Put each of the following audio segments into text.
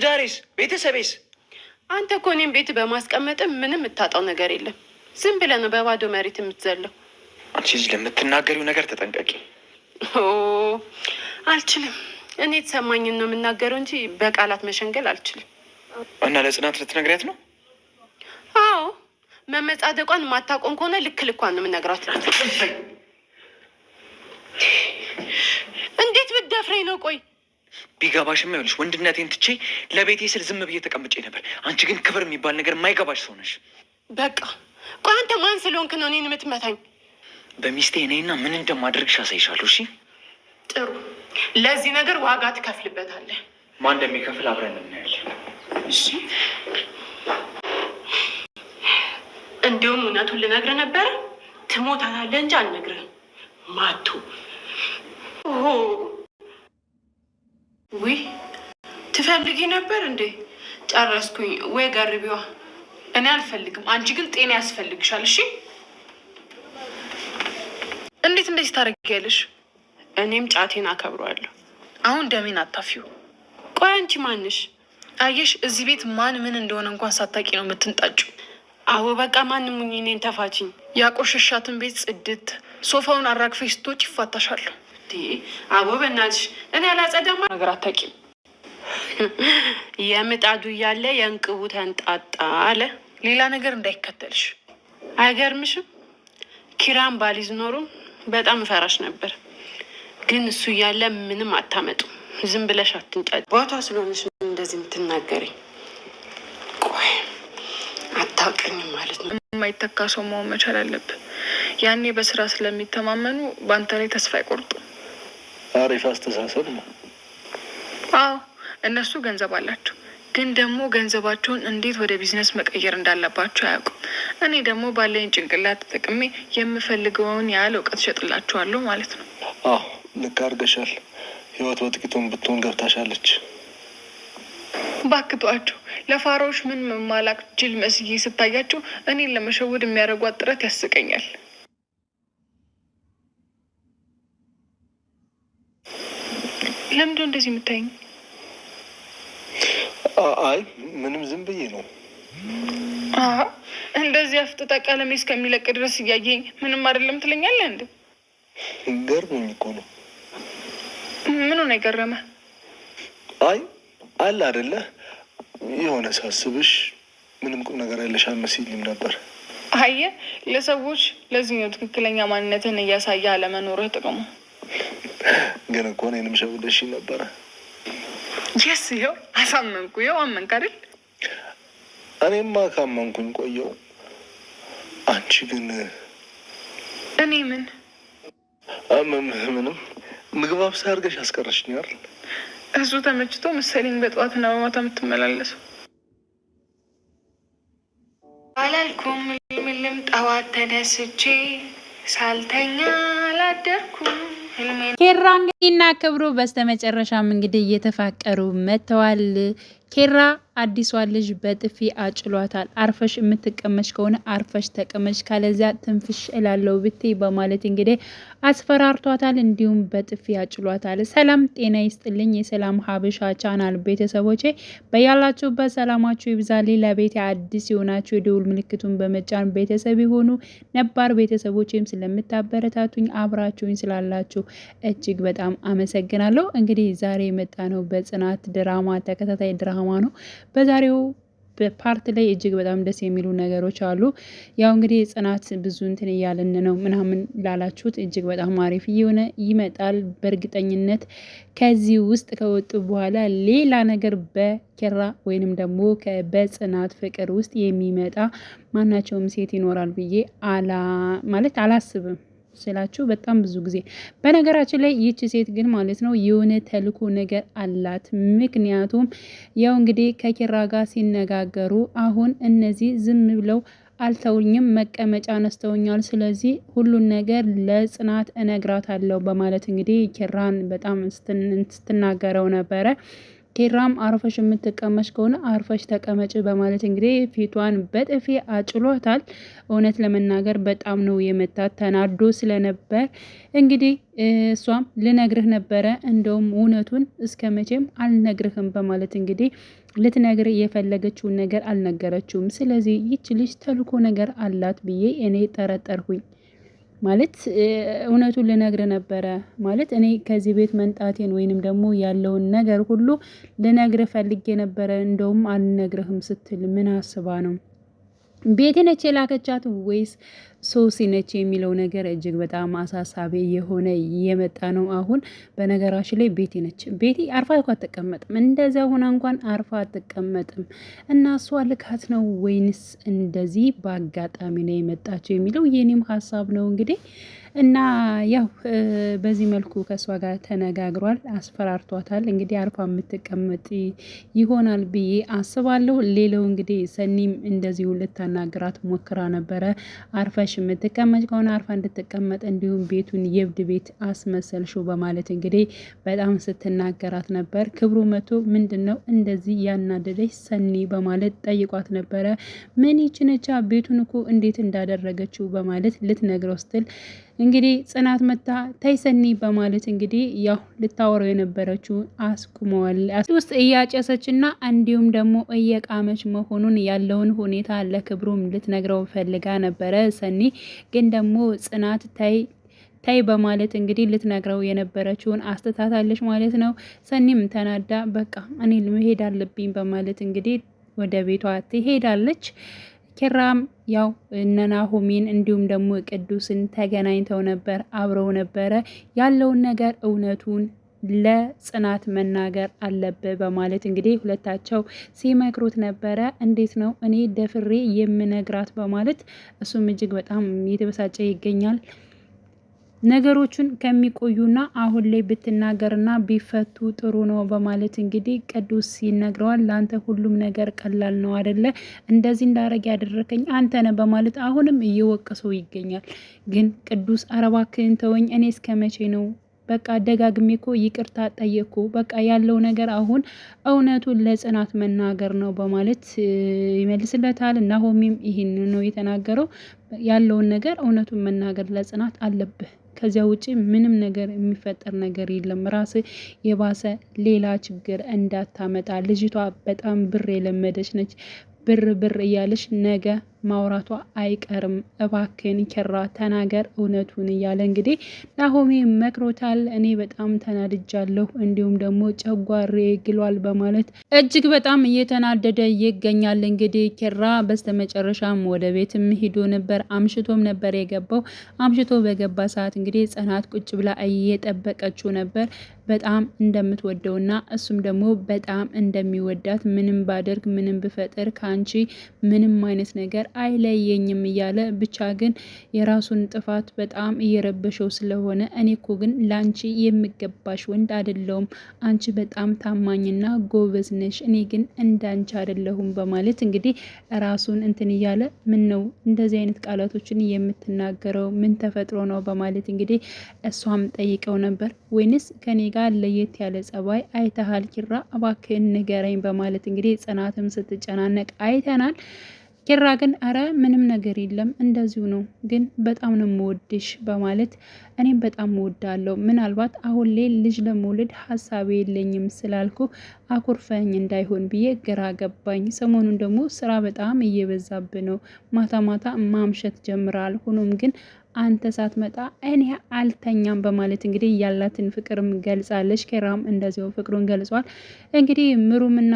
ትዳሬስ፣ ቤተሰቤስ? አንተ እኮ እኔም ቤት በማስቀመጥ ምንም የምታጣው ነገር የለም። ዝም ብለህ ነው በባዶ መሬት የምትዘለው። አንቺ ልጅ ለምትናገሪው ነገር ተጠንቀቂ። አልችልም። እኔ የተሰማኝን ነው የምናገረው እንጂ በቃላት መሸንገል አልችልም። እና ለጽናት ልትነግሪያት ነው? አዎ፣ መመጻደቋን የማታቆም ከሆነ ልክ ልኳን ነው የምነግራት። እንዴት ብደፍሬ ነው? ቆይ ቢገባሽም ይኸውልሽ ወንድነቴን ትቼ ለቤቴ ስል ዝም ብዬ ተቀምጬ ነበር። አንቺ ግን ክብር የሚባል ነገር የማይገባሽ ሰው ነሽ። በቃ ቆይ አንተ ማን ስለሆንክ ነው እኔን የምትመታኝ? በሚስቴ እኔና ምን እንደማደርግሽ አሳይሻለሁ። እሺ ጥሩ። ለዚህ ነገር ዋጋ ትከፍልበታለህ። ማን እንደሚከፍል አብረን እናያለን። እሺ እንዲሁም እውነቱን ልነግርህ ነበረ። ትሞታለህ እንጂ አልነግርህም ማቱ ውይ ትፈልጊ ነበር እንዴ? ጨረስኩኝ። ወይ ገርቢዋ፣ እኔ አልፈልግም። አንቺ ግን ጤና ያስፈልግሻል። እሺ፣ እንዴት እንደዚህ ታደርጊያለሽ? እኔም ጫቴን አከብረዋለሁ። አሁን ደሜን አታፊው። ቆይ አንቺ ማንሽ? አየሽ፣ እዚህ ቤት ማን ምን እንደሆነ እንኳን ሳታቂ ነው የምትንጣጭው። አዎ በቃ ማንም ሙኝ፣ እኔን ተፋችኝ። ያቆሸሻትን ቤት ጽድት፣ ሶፋውን አራግፈሽ ስትወጪ ይፋታሻለሁ። አቦ በእናትሽ እኔ አላጸዳማ ነገር አታውቂም። የምጣዱ እያለ የእንቅቡ ተንጣጣ አለ። ሌላ ነገር እንዳይከተልሽ አይገርምሽም? ኪራም ባሊዝ ኖሩ በጣም እፈራሽ ነበር፣ ግን እሱ እያለ ምንም አታመጡም። ዝም ብለሽ አትንጫጭ። ቦታ ስለሆነሽ እንደዚህ የምትናገረኝ ቆይ አታውቅኝም ማለት ነው። የማይተካ ሰው መሆን መቻል አለብን። ያኔ በስራ ስለሚተማመኑ በአንተ ላይ ተስፋ አይቆርጡም። አሪፍ አስተሳሰብ ነው። አዎ እነሱ ገንዘብ አላቸው፣ ግን ደግሞ ገንዘባቸውን እንዴት ወደ ቢዝነስ መቀየር እንዳለባቸው አያውቁም። እኔ ደግሞ ባለኝ ጭንቅላት ተጠቅሜ የምፈልገውን ያህል እውቀት እሸጥላችኋለሁ ማለት ነው። አዎ ልክ አድርገሻል። ህይወት በጥቂቱን ብትሆን ገብታሻለች። ባክቷቸው ለፋራዎች ምን መማላቅ ጅል መስዬ ስታያቸው እኔን ለመሸወድ የሚያደርጓት ጥረት ያስቀኛል። ለምንድን ነው እንደዚህ የምታይኝ? አይ ምንም ዝም ብዬ ነው። እንደዚህ አፍጥጣ ቀለሜ እስከሚለቅ ድረስ እያየኝ ምንም አይደለም ትለኛለህ እንዴ? ገርሞኝ እኮ ነው። ምን ሆነ የገረመ? አይ አለ አደለ የሆነ ሳስብሽ ምንም ቁም ነገር ያለሽ አልመስልም ነበር። አየ ለሰዎች ለዚህኛው ትክክለኛ ማንነትን እያሳየ አለመኖርህ ጥቅሙ ግን እኮ እኔንም ሸውደሽኝ ነበረ። ጀስ ይኸው አሳመንኩ። ይኸው አመንክ አይደል? እኔማ ካመንኩኝ ቆየው። አንቺ ግን እኔ ምን ምንም ምግብ አብሳ አድርገሽ አስቀረሽኝ አይደል? እሱ ተመችቶ መሰለኝ በጠዋትና በማታ የምትመላለሱ አላልኩም። ልምልም ጠዋት ተነስቼ ሳልተኛ አላደርኩም። ¿Qué rango? ይና ክብሩ በስተመጨረሻም እንግዲህ እየተፋቀሩ መጥተዋል። ኬራ አዲሷ ልጅ በጥፊ አጭሏታል። አርፈሽ የምትቀመሽ ከሆነ አርፈሽ ተቀመሽ፣ ካለዚያ ትንፍሽ እላለው ብቴ በማለት እንግዲህ አስፈራርቷታል። እንዲሁም በጥፊ አጭሏታል። ሰላም ጤና ይስጥልኝ። የሰላም ሀበሻ ቻናል ቤተሰቦቼ በያላችሁበት ሰላማችሁ ይብዛል። ለቤቴ አዲስ የሆናችሁ የደውል ምልክቱን በመጫን ቤተሰብ የሆኑ ነባር ቤተሰቦቼም ስለምታበረታቱኝ አብራችሁኝ ስላላችሁ እጅግ በጣም በጣም አመሰግናለሁ። እንግዲህ ዛሬ የመጣ ነው በጽናት ድራማ ተከታታይ ድራማ ነው። በዛሬው ፓርት ላይ እጅግ በጣም ደስ የሚሉ ነገሮች አሉ። ያው እንግዲህ ጽናት ብዙ እንትን እያለን ነው ምናምን ላላችሁት እጅግ በጣም አሪፍ እየሆነ ይመጣል። በእርግጠኝነት ከዚህ ውስጥ ከወጡ በኋላ ሌላ ነገር በኪራ ወይንም ደግሞ በጽናት ፍቅር ውስጥ የሚመጣ ማናቸውም ሴት ይኖራል ብዬ አላ ማለት አላስብም። ስላችሁ በጣም ብዙ ጊዜ በነገራችን ላይ ይቺ ሴት ግን ማለት ነው የሆነ ተልኮ ነገር አላት። ምክንያቱም ያው እንግዲህ ከኪራ ጋር ሲነጋገሩ አሁን እነዚህ ዝም ብለው አልተውኝም መቀመጫ አነስተውኛል። ስለዚህ ሁሉን ነገር ለጽናት አለው በማለት እንግዲህ ኪራን በጣም ስትናገረው ነበረ። ኪራም አርፈሽ የምትቀመጭ ከሆነ አርፈሽ ተቀመጭ በማለት እንግዲህ ፊቷን በጥፊ አጭሏታል። እውነት ለመናገር በጣም ነው የመታት ተናዶ ስለነበር እንግዲህ እሷም ልነግርህ ነበረ እንደውም እውነቱን እስከ መቼም አልነግርህም በማለት እንግዲህ ልትነግር የፈለገችውን ነገር አልነገረችውም። ስለዚህ ይች ልጅ ተልኮ ነገር አላት ብዬ እኔ ጠረጠርሁኝ። ማለት እውነቱን ልነግር ነበረ ማለት እኔ ከዚህ ቤት መንጣቴን ወይንም ደግሞ ያለውን ነገር ሁሉ ልነግር ፈልጌ ነበረ። እንደውም አልነግርህም ስትል ምን አስባ ነው? ቤቴ ነች የላከቻት ወይስ ሶሲ ነች የሚለው ነገር እጅግ በጣም አሳሳቢ የሆነ የመጣ ነው። አሁን በነገራችን ላይ ቤቲ ነች። ቤቲ አርፋ እኮ አትቀመጥም፣ እንደዚያ ሆና እንኳን አርፋ አትቀመጥም። እና እሷ ልካት ነው ወይንስ እንደዚህ በአጋጣሚ ነው የመጣቸው የሚለው የኔም ሀሳብ ነው እንግዲህ እና ያው በዚህ መልኩ ከእሷ ጋር ተነጋግሯል፣ አስፈራርቷታል። እንግዲህ አርፋ የምትቀመጥ ይሆናል ብዬ አስባለሁ። ሌላው እንግዲህ ሰኒም እንደዚሁ ልታናግራት ሞክራ ነበረ አርፈ አርፈሽ የምትቀመጭ ከሆነ አርፋ እንድትቀመጥ እንዲሁም ቤቱን የብድ ቤት አስመሰልሽው በማለት እንግዲህ በጣም ስትናገራት ነበር። ክብሩ መቶ ምንድን ነው እንደዚህ ያናደደች ሰኒ በማለት ጠይቋት ነበረ። ምን ይችነቻ ቤቱን እኮ እንዴት እንዳደረገችው በማለት ልትነግረው ስትል እንግዲህ ጽናት መታ ተይሰኒ በማለት እንግዲህ ያው ልታወራው የነበረችውን አስቁመዋል። ውስጥ እያጨሰች እና እንዲሁም ደግሞ እየቃመች መሆኑን ያለውን ሁኔታ ለክብሩም ልትነግረው ፈልጋ ነበረ። ሰኒ ግን ደግሞ ጽናት ታይ ታይ በማለት እንግዲህ ልትነግረው የነበረችውን አስተታታለች ማለት ነው። ሰኒም ተናዳ በቃ እኔ መሄድ አለብኝ በማለት እንግዲህ ወደ ቤቷ ትሄዳለች። ኪራም ያው እነናሁሚን እንዲሁም ደግሞ ቅዱስን ተገናኝተው ነበር፣ አብረው ነበረ። ያለውን ነገር እውነቱን ለጽናት መናገር አለብ በማለት እንግዲህ ሁለታቸው ሲመክሩት ነበረ። እንዴት ነው እኔ ደፍሬ የምነግራት በማለት እሱም እጅግ በጣም እየተበሳጨ ይገኛል። ነገሮቹን ከሚቆዩና አሁን ላይ ብትናገርና ቢፈቱ ጥሩ ነው በማለት እንግዲህ ቅዱስ ይነግረዋል። ለአንተ ሁሉም ነገር ቀላል ነው አደለ? እንደዚህ እንዳረግ ያደረከኝ አንተ ነህ በማለት አሁንም እየወቀሰው ይገኛል። ግን ቅዱስ አረባክህን ተወኝ፣ እኔ እስከ መቼ ነው በቃ ደጋግሜ እኮ ይቅርታ ጠየቅኩ። በቃ ያለው ነገር አሁን እውነቱን ለጽናት መናገር ነው በማለት ይመልስለታል። ናሆሚም ይህን ነው የተናገረው። ያለውን ነገር እውነቱን መናገር ለጽናት አለብህ ከዚያ ውጪ ምንም ነገር የሚፈጠር ነገር የለም። ራስ የባሰ ሌላ ችግር እንዳታመጣ። ልጅቷ በጣም ብር የለመደች ነች። ብር ብር እያለች ነገ ማውራቷ አይቀርም። እባክን ኪራ ተናገር እውነቱን እያለ እንግዲህ ናሆሜ መክሮታል። እኔ በጣም ተናድጃለሁ፣ እንዲሁም ደግሞ ጨጓሬ ግሏል በማለት እጅግ በጣም እየተናደደ ይገኛል። እንግዲህ ኪራ በስተመጨረሻም ወደ ቤትም ሂዶ ነበር። አምሽቶም ነበር የገባው። አምሽቶ በገባ ሰዓት እንግዲህ ጽናት ቁጭ ብላ እየጠበቀችው ነበር በጣም እንደምትወደውና እሱም ደግሞ በጣም እንደሚወዳት ምንም ባደርግ ምንም ብፈጥር ከአንቺ ምንም አይነት ነገር አይለየኝም እያለ ብቻ ግን የራሱን ጥፋት በጣም እየረበሸው ስለሆነ እኔ እኮ ግን ለአንቺ የሚገባሽ ወንድ አይደለሁም አንቺ በጣም ታማኝና ጎበዝ ነሽ፣ እኔ ግን እንዳንቺ አይደለሁም በማለት እንግዲህ ራሱን እንትን እያለ ምን ነው እንደዚህ አይነት ቃላቶችን የምትናገረው ምን ተፈጥሮ ነው በማለት እንግዲህ እሷም ጠይቀው ነበር። ወይንስ ከኔ ጋር ለየት ያለ ጸባይ አይተሃል ኪራ፣ እባክህን ንገረኝ በማለት እንግዲህ ጽናትም ስትጨናነቅ አይተናል። ኪራ ግን አረ ምንም ነገር የለም እንደዚሁ ነው፣ ግን በጣም ነው የምወድሽ በማለት እኔም በጣም እወዳለሁ፣ ምናልባት አሁን ላይ ልጅ ለመውለድ ሀሳብ የለኝም ስላልኩ አኩርፈኝ እንዳይሆን ብዬ ግራ ገባኝ። ሰሞኑን ደግሞ ስራ በጣም እየበዛብ ነው፣ ማታ ማታ ማምሸት ጀምራል። ሆኖም ግን አንተ ሳትመጣ እኔ አልተኛም በማለት እንግዲህ ያላትን ፍቅርም ገልጻለች። ኬራም እንደዚው ፍቅሩን ገልጿል። እንግዲህ ምሩምና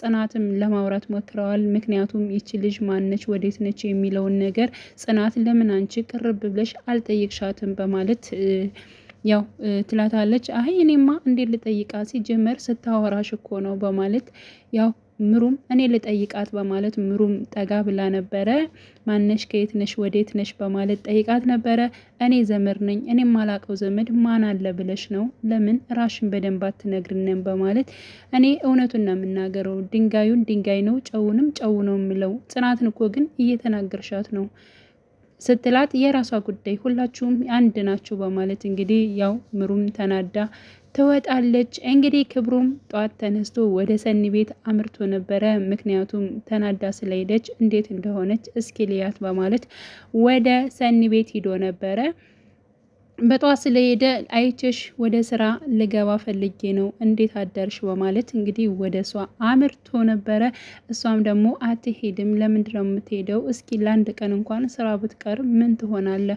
ጽናትም ለማውራት ሞክረዋል። ምክንያቱም ይቺ ልጅ ማነች፣ ወዴት ነች የሚለውን ነገር ጽናት ለምን አንቺ ቅርብ ብለሽ አልጠየቅሻትም በማለት ያው ትላታለች። አይ እኔማ እንዴት ልጠይቃ ሲጀመር ስታወራሽ እኮ ነው በማለት ያው ምሩም እኔ ልጠይቃት በማለት ምሩም ጠጋ ብላ ነበረ። ማነሽ? ከየት ነሽ? ወዴት ነሽ? በማለት ጠይቃት ነበረ። እኔ ዘመድ ነኝ፣ እኔ የማላቀው ዘመድ ማን አለ ብለሽ ነው? ለምን ራሽን በደንብ አትነግሪንም? በማለት እኔ እውነቱን ነው የምናገረው። ድንጋዩን ድንጋይ ነው፣ ጨውንም ጨው ነው የምለው። ጽናትን እኮ ግን እየተናገርሻት ነው ስትላት የራሷ ጉዳይ ሁላችሁም አንድ ናችሁ በማለት እንግዲህ ያው ምሩም ተናዳ ትወጣለች። እንግዲህ ክብሩም ጠዋት ተነስቶ ወደ ሰኒ ቤት አምርቶ ነበረ። ምክንያቱም ተናዳ ስለሄደች እንዴት እንደሆነች እስኪ ልያት በማለት ወደ ሰኒ ቤት ሂዶ ነበረ። በጠዋት ስለሄደ አይችሽ ወደ ስራ ልገባ ፈልጌ ነው እንዴት አደርሽ በማለት እንግዲህ ወደ እሷ አምርቶ ነበረ። እሷም ደግሞ አትሄድም፣ ለምንድ ነው የምትሄደው? እስኪ ለአንድ ቀን እንኳን ስራ ብትቀር ምን ትሆናለ?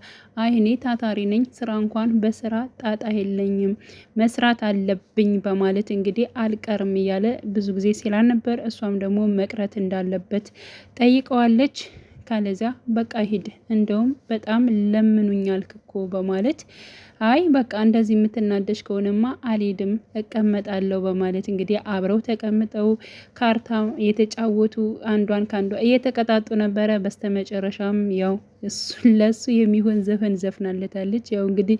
አይ እኔ ታታሪ ነኝ፣ ስራ እንኳን በስራ ጣጣ የለኝም፣ መስራት አለብኝ በማለት እንግዲህ አልቀርም እያለ ብዙ ጊዜ ሲላን ነበር። እሷም ደግሞ መቅረት እንዳለበት ጠይቀዋለች። ካለዛ በቃ ሂድ፣ እንደውም በጣም ለምኑኛል እኮ በማለት አይ በቃ እንደዚህ የምትናደሽ ከሆነማ አልሄድም እቀመጣለሁ በማለት እንግዲህ አብረው ተቀምጠው ካርታ የተጫወቱ አንዷን ከአንዷ እየተቀጣጡ ነበረ። በስተመጨረሻም ያው ለሱ የሚሆን ዘፈን ዘፍናለታለች። ያው እንግዲህ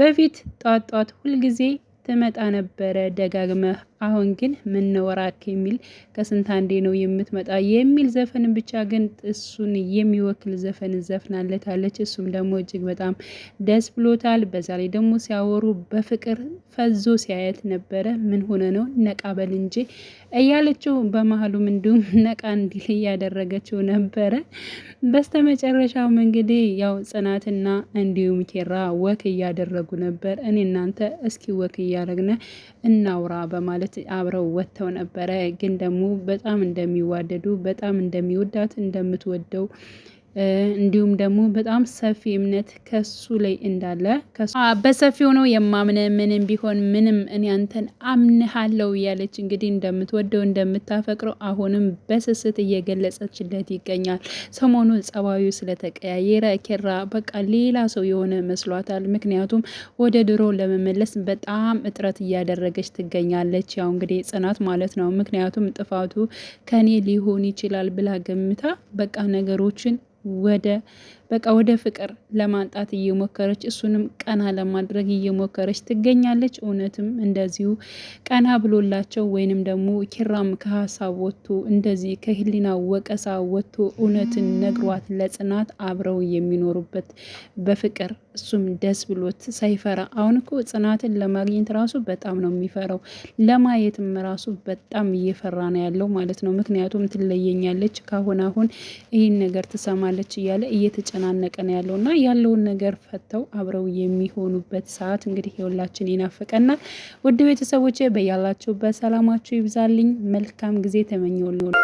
በፊት ጧት ጧት ሁልጊዜ ትመጣ ነበረ ደጋግመህ አሁን ግን ምን የሚል ከስንት አንዴ ነው የምትመጣ የሚል ዘፈን ብቻ ግን እሱን የሚወክል ዘፈን ዘፍናለታለች። እሱም ደግሞ እጅግ በጣም ደስ ብሎታል። በዛ ላይ ደግሞ ሲያወሩ በፍቅር ፈዞ ሲያየት ነበረ። ምን ሆነ ነው ነቃ እንጂ እያለችው በመሀሉም እንዲሁም ነቃ እንዲል እያደረገችው ነበረ። በስተመጨረሻው እንግዲህ ያው ጽናትና እንዲሁም ኬራ ወክ እያደረጉ ነበር። እኔ እናንተ እስኪ ወክ እያደረግነ እናውራ በማለት ማለት አብረው ወጥተው ነበረ። ግን ደግሞ በጣም እንደሚዋደዱ በጣም እንደሚወዳት እንደምትወደው እንዲሁም ደግሞ በጣም ሰፊ እምነት ከሱ ላይ እንዳለ በሰፊው ነው የማምነ ምንም ቢሆን ምንም እኔ አንተን አምንሃለው እያለች እንግዲህ እንደምትወደው እንደምታፈቅረው አሁንም በስስት እየገለጸችለት ይገኛል። ሰሞኑ ጸባዩ ስለተቀያየረ ኬራ በቃ ሌላ ሰው የሆነ መስሏታል። ምክንያቱም ወደ ድሮ ለመመለስ በጣም እጥረት እያደረገች ትገኛለች። ያው እንግዲህ ጽናት ማለት ነው። ምክንያቱም ጥፋቱ ከኔ ሊሆን ይችላል ብላ ገምታ በቃ ነገሮችን ወደ በቃ ወደ ፍቅር ለማንጣት እየሞከረች እሱንም ቀና ለማድረግ እየሞከረች ትገኛለች። እውነትም እንደዚሁ ቀና ብሎላቸው ወይንም ደግሞ ኪራም ከሀሳብ ወጥቶ እንደዚህ ከህሊና ወቀሳ ወጥቶ እውነትን ነግሯት ለጽናት አብረው የሚኖሩበት በፍቅር እሱም ደስ ብሎት ሳይፈራ አሁን እኮ ጽናትን ለማግኘት ራሱ በጣም ነው የሚፈራው። ለማየትም ራሱ በጣም እየፈራ ነው ያለው ማለት ነው። ምክንያቱም ትለየኛለች፣ ካሁን አሁን ይህን ነገር ትሰማለች እያለ እየተጫ እየተጨናነቀ ነው ያለው እና ያለውን ነገር ፈተው አብረው የሚሆኑበት ሰዓት እንግዲህ የሁላችን ይናፍቀናል። ውድ ቤተሰቦቼ በያላችሁበት ሰላማችሁ ይብዛልኝ። መልካም ጊዜ ተመኘውልኝ።